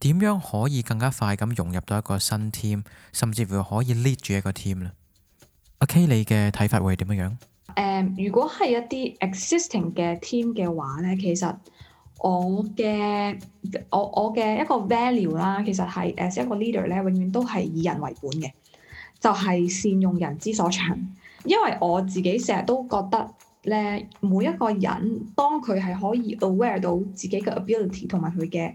點樣可以更加快咁融入到一個新 team，甚至乎可以 lead 住一個 team 咧？阿、okay, K，你嘅睇法會係點樣？誒、呃，如果係一啲 existing 嘅 team 嘅話咧，其實我嘅我我嘅一個 value 啦，其實係 as，一個 leader 咧，永遠都係以人為本嘅，就係善用人之所長。因為我自己成日都覺得咧，每一個人當佢係可以 aware 到自己嘅 ability 同埋佢嘅。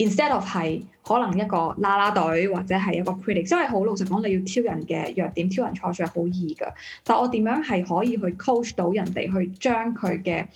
Instead of 係可能一個啦啦隊或者係一個 critic，因為好老實講，你要挑人嘅弱點、挑人錯處係好易㗎。但我點樣係可以去 coach 到人哋去將佢嘅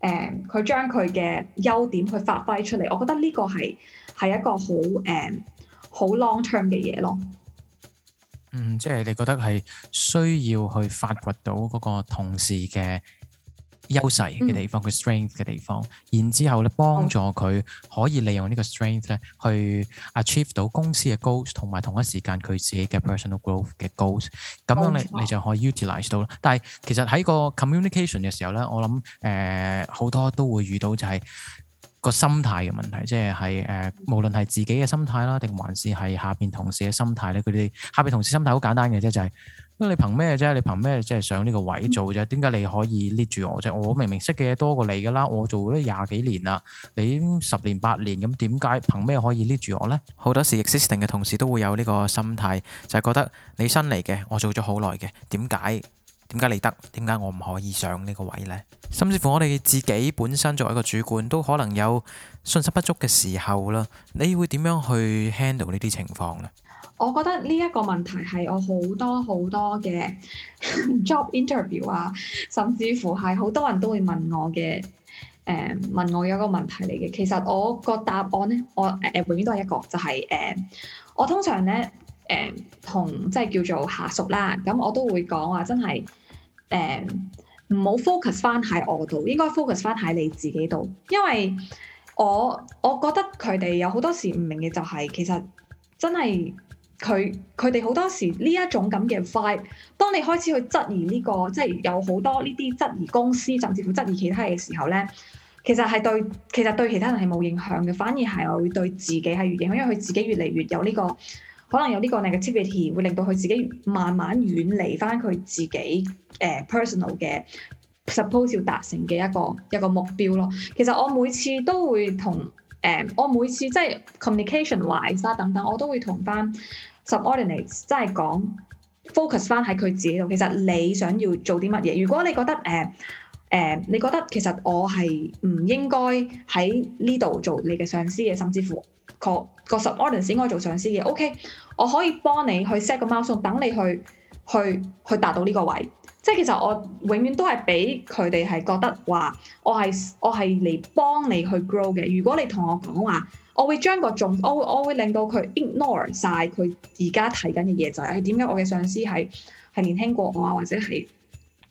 誒佢將佢嘅優點去發揮出嚟？我覺得呢個係係一個好誒好 long term 嘅嘢咯。嗯，即係你覺得係需要去發掘到嗰個同事嘅。優勢嘅地方，佢 strength 嘅地方，然之後咧，幫助佢可以利用呢個 strength 咧去 achieve 到公司嘅 goals，同埋同一時間佢自己嘅 personal growth 嘅 goals，咁樣你、嗯、你就可以 utilize 到啦。但係其實喺個 communication 嘅時候咧，我諗誒好多都會遇到就係、是。個心態嘅問題，即係誒、呃，無論係自己嘅心態啦，定還是係下邊同事嘅心態咧，佢哋下邊同事心態好簡單嘅啫，就係、是，你憑咩啫？你憑咩即係上呢個位做啫？點解你可以捏住我 lead 住我啫？就是、我明明識嘅嘢多過你㗎啦，我做咗廿幾年啦，你十年八年咁，點解憑咩可以 lead 住我咧？好多時 existing 嘅同事都會有呢個心態，就係、是、覺得你新嚟嘅，我做咗好耐嘅，點解？點解你得？點解我唔可以上呢個位呢？甚至乎我哋自己本身作為一個主管，都可能有信心不足嘅時候啦。你會點樣去 handle 呢啲情況呢？我覺得呢一個問題係我好多好多嘅 job interview 啊，甚至乎係好多人都會問我嘅。誒，問我有一個問題嚟嘅。其實我個答案呢，我誒、呃、永遠都係一個，就係、是、誒、呃、我通常呢，誒、呃、同即係叫做下屬啦，咁我都會講話真係。誒唔好 focus 翻喺我度，應該 focus 翻喺你自己度，因為我我覺得佢哋有好多時唔明嘅就係、是、其實真係佢佢哋好多時呢一種咁嘅 fight 當你開始去質疑呢個，即係有好多呢啲質疑公司，甚至乎質疑其他人嘅時候咧，其實係對其實對其他人係冇影響嘅，反而係會對自己係越影響，因為佢自己越嚟越有呢個。可能有呢個 negativity 會令到佢自己慢慢遠離翻佢自己誒、uh, personal 嘅 suppose 要達成嘅一個一個目標咯。其實我每次都會同誒，uh, 我每次即係 communication wise 啦等等，我都會同翻 subordinates 即係講 focus 翻喺佢自己度。其實你想要做啲乜嘢？如果你覺得誒。Uh, 誒，uh, 你覺得其實我係唔應該喺呢度做你嘅上司嘅，甚至乎確個 subordinate 應該做上司嘅。OK，我可以幫你去 set 個 milestone，等你去去去達到呢個位。即係其實我永遠都係俾佢哋係覺得話，我係我係嚟幫你去 grow 嘅。如果你同我講話，我會將個重，我會我會令到佢 ignore 晒佢而家睇緊嘅嘢，就係點解我嘅上司係係年輕過我啊，或者係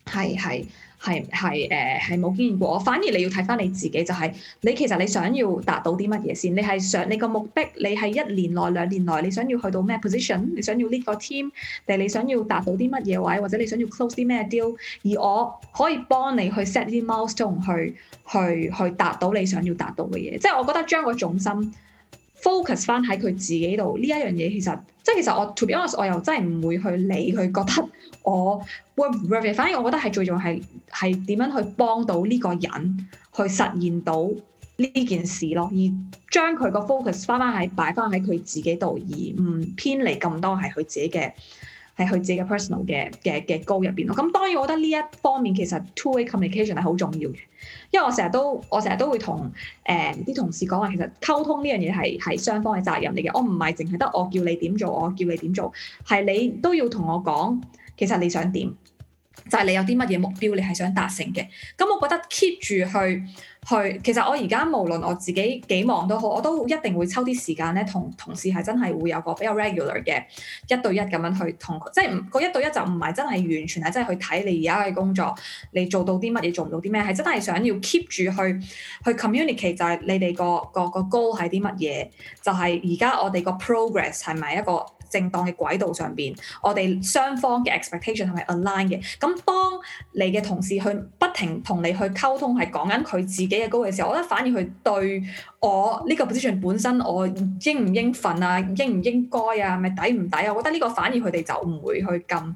係係。係係誒係冇經驗過，我反而你要睇返你自己，就係、是、你其實你想要達到啲乜嘢先？你係想你個目的，你係一年內兩年內你想要去到咩 position？你想要 lead 個 team，定係你想要達到啲乜嘢位，或者你想要 close 啲咩 deal？而我可以幫你去 set 啲 milestone 去去去達到你想要達到嘅嘢。即係我覺得將個重心。focus 翻喺佢自己度呢一樣嘢，其實即係其實我 to be honest，我又真係唔會去理佢覺得，我反正我覺得係最重要係係點樣去幫到呢個人去實現到呢件事咯，而將佢個 focus 翻翻喺擺翻喺佢自己度，而唔偏離咁多係佢自己嘅。係佢自己嘅 personal 嘅嘅嘅 goal 入邊咯，咁當然我覺得呢一方面其實 two-way communication 係好重要嘅，因為我成日都我成日都會同誒啲同事講話，其實溝通呢樣嘢係係雙方嘅責任嚟嘅，我唔係淨係得我叫你點做，我叫你點做，係你都要同我講，其實你想點。就係你有啲乜嘢目標，你係想達成嘅。咁我覺得 keep 住去去，其實我而家無論我自己幾忙都好，我都一定會抽啲時間咧，同同事係真係會有個比較 regular 嘅一對一咁樣去同，即、就、係、係個一對一就唔係真係完全係真係去睇你而家嘅工作，你做到啲乜嘢，做唔到啲咩，係真係想要 keep 住去去 communicate 就係你哋個個個 goal 係啲乜嘢，就係而家我哋個 progress 係咪一個正當嘅軌道上邊，我哋雙方嘅 expectation 係唔係 align 嘅？咁當你嘅同事去不停同你去溝通，係講緊佢自己嘅高嘅時候，我覺得反而佢對我呢個 position 本身，我應唔應份啊？應唔應該啊？咪抵唔抵啊？我覺得呢個反而佢哋就唔會去咁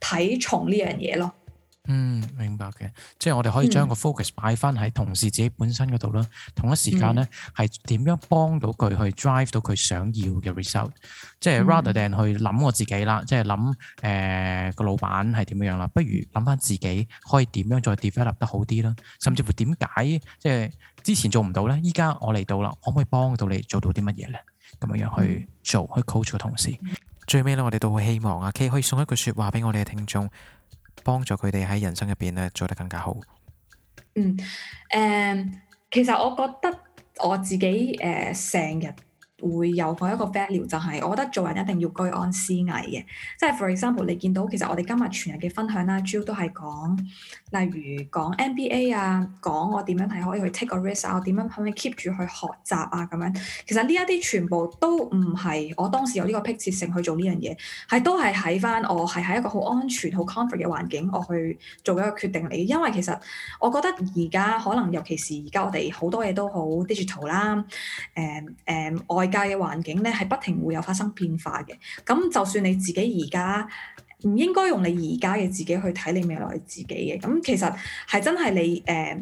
睇重呢樣嘢咯。嗯，明白嘅，即係我哋可以將個 focus 擺翻喺同事自己本身嗰度啦。嗯、同一時間咧，係點、嗯、樣幫到佢去 drive 到佢想要嘅 result？、嗯、即係 rather than 去諗我自己啦，即係諗誒個老闆係點樣啦，不如諗翻自己可以點樣再 develop 得好啲啦。甚至乎點解即係之前做唔到咧？依家我嚟到啦，可唔可以幫到你做到啲乜嘢咧？咁樣樣去做、嗯、去 coach 個同事。嗯、最尾咧，我哋都會希望阿 K 可以送一句說話俾我哋嘅聽眾。幫助佢哋喺人生入邊咧，做得更加好。嗯，誒、呃，其實我覺得我自己誒呃、成日。會有一個 value，就係我覺得做人一定要居安思危嘅。即係 for example，你見到其實我哋今日全日嘅分享啦，主要都係講，例如講 NBA 啊，講我點樣係可以去 take 個 risk 啊，我點樣可以 keep 住去學習啊咁樣。其實呢一啲全部都唔係我當時有呢個迫切性去做呢樣嘢，係都係喺返我係喺一個好安全、好 comfort 嘅環境，我去做一個決定嚟。因為其實我覺得而家可能尤其是而家我哋好多嘢都好 digital 啦，誒、嗯、誒、嗯、我。世界嘅環境咧，係不停會有發生變化嘅。咁就算你自己而家唔應該用你而家嘅自己去睇你未來自己嘅。咁其實係真係你誒、呃，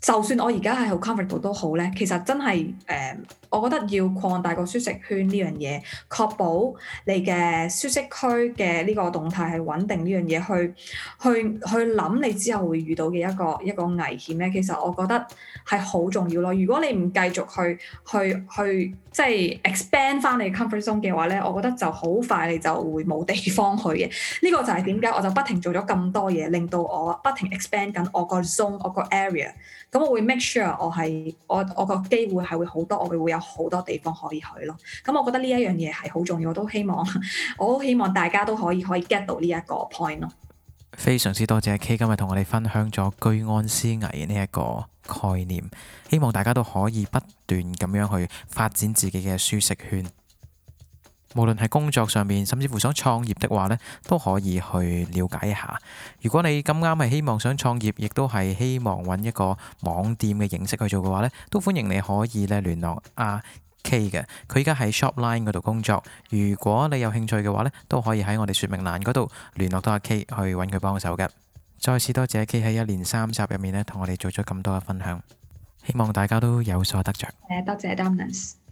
就算我而家係好 comfortable 都好咧，其實真係誒。呃我覺得要擴大個舒適圈呢樣嘢，確保你嘅舒適區嘅呢個動態係穩定呢樣嘢，去去去諗你之後會遇到嘅一個一個危險咧。其實我覺得係好重要咯。如果你唔繼續去去去，去即係 expand 翻你 comfort zone 嘅話咧，我覺得就好快你就會冇地方去嘅。呢個就係點解我就不停做咗咁多嘢，令到我不停 expand 緊我個 zone，我個 area。咁我會 make sure 我係我我個機會係會好多，我會會有。好多地方可以去咯，咁我覺得呢一樣嘢係好重要，我都希望，我都希望大家都可以可以 get 到呢一個 point 咯。非常之多謝 K，今日同我哋分享咗居安思危呢一個概念，希望大家都可以不斷咁樣去發展自己嘅舒適圈。無論係工作上面，甚至乎想創業的話咧，都可以去了解一下。如果你咁啱係希望想創業，亦都係希望揾一個網店嘅形式去做嘅話咧，都歡迎你可以咧聯絡阿 K 嘅。佢依家喺 Shopline 嗰度工作。如果你有興趣嘅話咧，都可以喺我哋説明欄嗰度聯絡到阿 K 去揾佢幫手嘅。再次多謝 K 喺一連三集入面咧，同我哋做咗咁多嘅分享，希望大家都有所得著。誒，多謝 Dominus。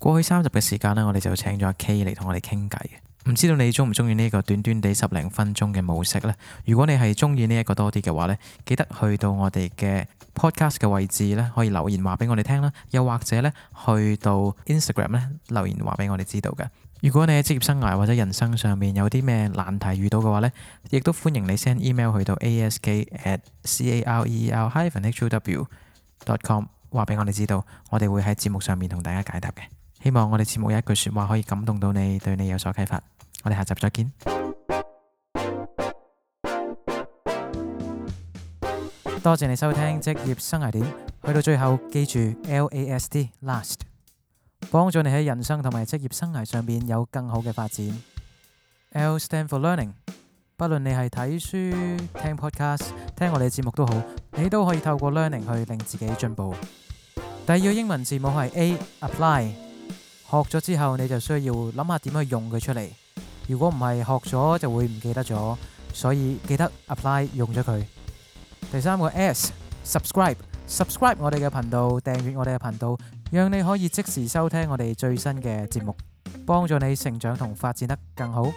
過去三十嘅時間咧，我哋就請咗阿 K 嚟同我哋傾偈。唔知道你中唔中意呢個短短地十零分鐘嘅模式呢？如果你係中意呢一個多啲嘅話呢，記得去到我哋嘅 podcast 嘅位置呢，可以留言話俾我哋聽啦。又或者呢，去到 Instagram 咧留言話俾我哋知道嘅。如果你喺職業生涯或者人生上面有啲咩難題遇到嘅話呢，亦都歡迎你 send email 去到 a s k at c a r e e r hyphen h o w dot com 話俾我哋知道，我哋會喺節目上面同大家解答嘅。希望我哋節目有一句說話可以感動到你，對你有所啟發。我哋下集再見。多謝你收聽職業生涯點，去到最後記住 L A S T last，幫助你喺人生同埋職業生涯上面有更好嘅發展。L stand for learning，不論你係睇書、聽 podcast、聽我哋嘅節目都好，你都可以透過 learning 去令自己進步。第二個英文字母係 A apply。學咗之後，你就需要諗下點去用佢出嚟。如果唔係學咗就會唔記得咗，所以記得 apply 用咗佢。第三個 S，subscribe，subscribe 我哋嘅頻道，訂閱我哋嘅頻道，讓你可以即時收聽我哋最新嘅節目，幫助你成長同發展得更好。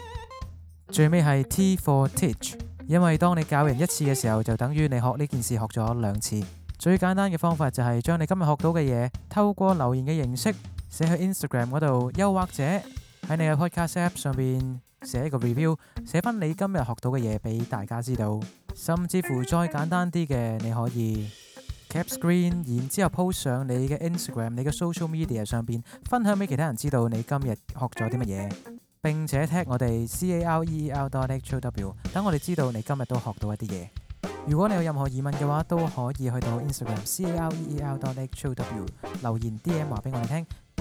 最尾係 T for teach，因為當你教人一次嘅時候，就等於你學呢件事學咗兩次。最簡單嘅方法就係將你今日學到嘅嘢透過留言嘅形式。寫喺 Instagram 嗰度，又或者喺你嘅 Podcast App 上面寫一個 review，寫翻你今日學到嘅嘢俾大家知道。甚至乎再簡單啲嘅，你可以 cap screen，然之後 post 上你嘅 Instagram、你嘅 social media 上邊分享俾其他人知道你今日學咗啲乜嘢，並且 tag 我哋 c a r e e r dot h o w，等我哋知道你今日都學到一啲嘢。如果你有任何疑問嘅話，都可以去到 Instagram c a r e e r dot h o w 留言 D M 話俾我哋聽。